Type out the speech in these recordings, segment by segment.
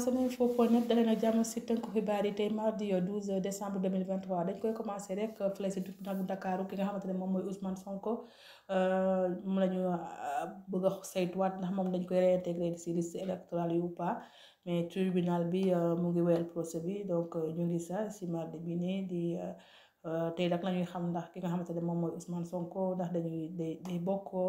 Séninfo point net dalee nag jàmm si tënku xibaar yi tey mardi décembre 2023 dañ koy commencé rek fële si tribunal bu Ndakaaru ki nga xamante ne moom mooy Ousmane Sonko euh, moom la ñu euh, bëgg a saytuwaat ndax moom dañ koy réintégré si liste électorale yu pas mais tribunal bi euh, mu ngi wéyal procès bi donc ñu ngi sax si mardi bi nii di tey nag la ñuy xam ndax ki nga xamante ne moom mooy Ousmane Sonko ndax dañuy day day bokkoo.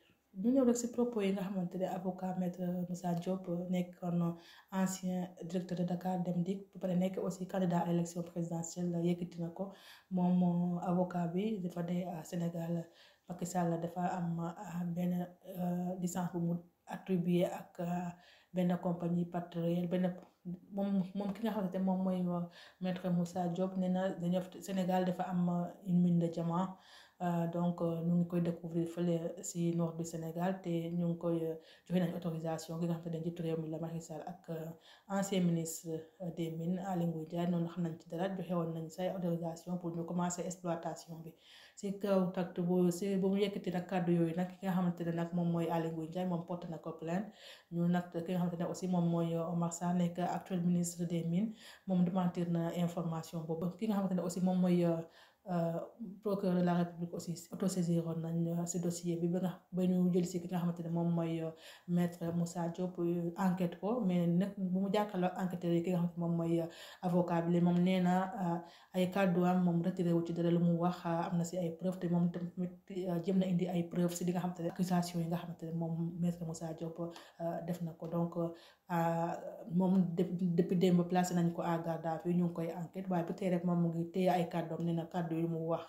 ñu ñëw rek si propos yi nga xamante ne avocat maître Moussa Diop nekkoon ancien directeur de Dakar Dem Dikk ba pare nekk aussi candidat à l'élection présidentielle yëkkati na ko moom avocat bi dafa de Sénégal Macky Sall dafa am euh, benn euh, licence bu mu attribué ak euh, benn compagnie patronale benn moom moom ki nga xamante ne moom mooy maître Moussa Diop nee na dañoo Sénégal dafa am une mine de diamant. Euh, donc ñu euh, ngi koy découvrir fële si nord du Sénégal te ñu ngi koy euh, joxe nañ autorisation gi nga xam ne dañ jiitu réew mi ak ancien ministre des mines Aly Ngouille Ndiaye noonu xam nañ ci dara joxe woon nañ say autorisation pour ñu commencer exploitation bi si kaw takt bu si bu mu yëkkati nag kàddu yooyu nag ki nga xamante ne nag moom mooy Aly Ngouille Ndiaye moom porte na ko plainte ñu nag ki nga xamante ne aussi moom mooy Omar Sarr nekk actuel ministre des mines moom démentir na information boobu ki nga xamante ne aussi moom mooy Euh, procureur de la république aussi autosaisiroon nañ si euh, dossier bi ba nga ba ñu jël si ki nga xamante ne moom mooy euh, maître Moussa Diop enquête ko mais nag bu mu jàkkaarloo enquêteur yi ki nga moom mooy avocat bi moom nee na ay kàdduwaam moom retiré wu ci dara lu mu wax am na si ay preuve te moom tamit jëm na indi ay preuve si li nga xamante ne accusation yi nga xamante ne moom mais Moussa Diop def na ko donc Euh, moom depuis démb placé nañ ko à garde à ñu ngi koy enquête waaye ba tey rek moom mu ngi téye ay kàddoom nee na kàddu yu mu wax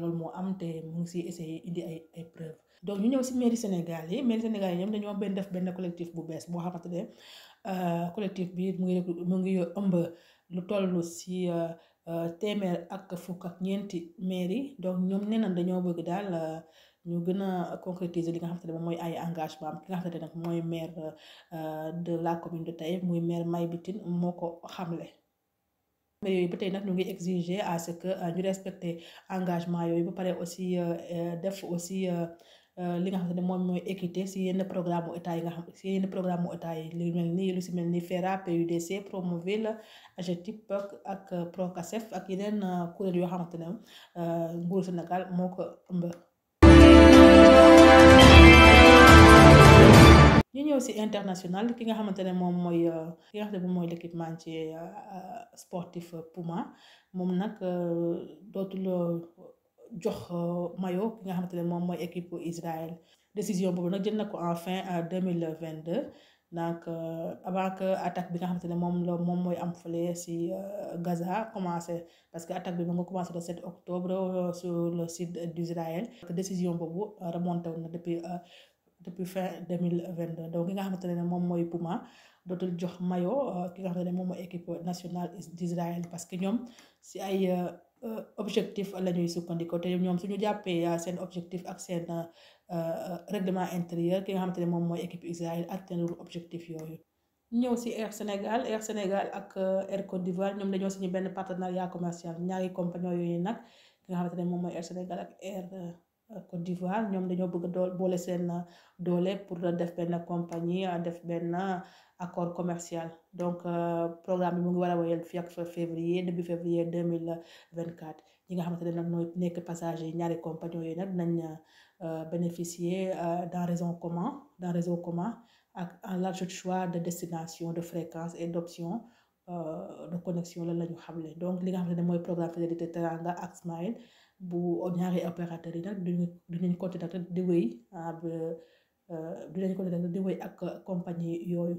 loolu moo am te mu ngi si essayé indi ay ay preuve donc ñu ñëw si mairie Sénégal yi mairie Sénégal yi ñoom dañoo benn def benn collectif bu bees boo xamante ne euh, collective bi mu ngi mu ngi ëmb lu toll si euh, téeméer ak fukk ak ñeenti mairie donc ñoom nee nañ dañoo bëgg daal ñu gën a concrétiser li nga xamante ne moom mooy ay engagement am nga xamante ne nag mooy maire euh, de la commune de Taïf muy maire May Bitine moo ko xam xamle. mais yooyu ba tey nag ñu ngi exiger à ce que euh, ñu respecte engagement yooyu ba pare aussi euh, def aussi li nga xam ne moom mooy équité si yenn programme mu état yi nga xam si yenn programme mu état yi mel ni lu si mel ni FERA PUDC Promoville AGETIP ak Procasef ak yeneen kuréel yoo xamante ne nguuru Sénégal moo ko ëmb. ñu ñëw si international ki nga xamante ne moom mooy euh, ki nga mooy l'équipementier euh, euh, sportif Puma moom nag dootul jox mayoo ki nga xamante ne moom mooy équipe Israël décision boobu nag jël na ko en fin 2022 donc avant que attaque bi nga xamante ne moom la moom mooy am fële si Gaza commencer parce que attaque bi mu nga commencé le 7 octobre sur le site d'Israël décision boobu remonté woon na depuis depuis fin 2022 donc ki nga xamante ne moom mooy Puma dootul jox mayo euh, ki nga xamante ne moom mooy équipe nationale d'Israël parce que ñoom si ay euh, euh, objectif la ñuy sukkandiku te ñoom suñu jàppee seen objectif ak seen règlement intérieur ki nga xamante ne moom mooy équipe Israël atteindre objectif yooyu ñëw si Air Sénégal Air Sénégal ak Air Côte d'Ivoire ñoom dañoo signé benn partenariat commercial ñaari compagnie yooyu nag ki nga xamante ne moom mooy Air Sénégal ak Air Euh, Côte d'Ivoire ñoom dañoo bëgg a boole seen euh, doole pour def benn compagnie euh, def benn accord commercial donc programme bi mu ngi war a wéyal fii ak février début février deux mille vingt quatre ñi nga xamante ne nag ñooy nekk passager ñaari compagnie yooyu nag nañ bénéficier d'un réseau commun d'un réseau commun ak un large choix de destination de fréquence et d'option de connexion lan la ñu xamle donc li nga xam ne mooy programme fidélité teranga ak Smile bu ñaari opérateur yi nag duñu duñu continuer nag di wéy ah, euh, duñu continuer nag di wéy ak compagnie yooyu.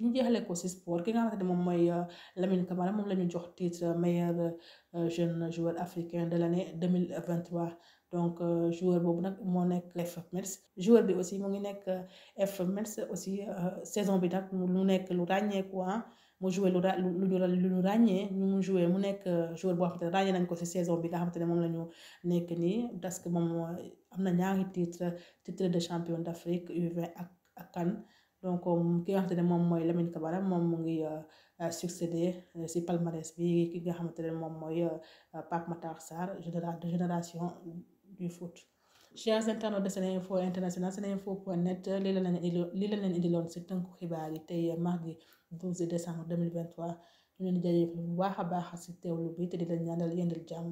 ñu jeexale ko ci sport ki nga xamante ne moom mooy euh, Lamine Camara moom la ñu jox titre meilleur euh, jeune joueur africain de l'année deux mille vingt trois donc joueur boobu nag moo nekk F Metz joueur bi aussi mu ngi nekk F aussi saison bi nag mu nekk lu ràññeeku ah. mu joué lu ra lu lu ràññee ñu mu joué mu nekk euh, joueur boo xamante ne ràññee nañ ko ci saison bi nga xamante ne moom la nekk nii parce que moom am na ñaari titre titre de champion d'Afrique U20 ak ak donc euh, ki nga ne moom mooy Lamine Kabara moom mu ngi euh, succédé ci palmarès bi ki nga xamante ne moom mooy Pape Matar Sarr général de génération du foot. chers internautes de SeneInfo International seneinfo.net lii la leen indi lii la leen indiloon si tënku xibaar yi tey mardi 12 décembre 2023 ñu leen di jaajëfal bu baax a baax si teewlu bi te di leen ñaanal yendal jàmm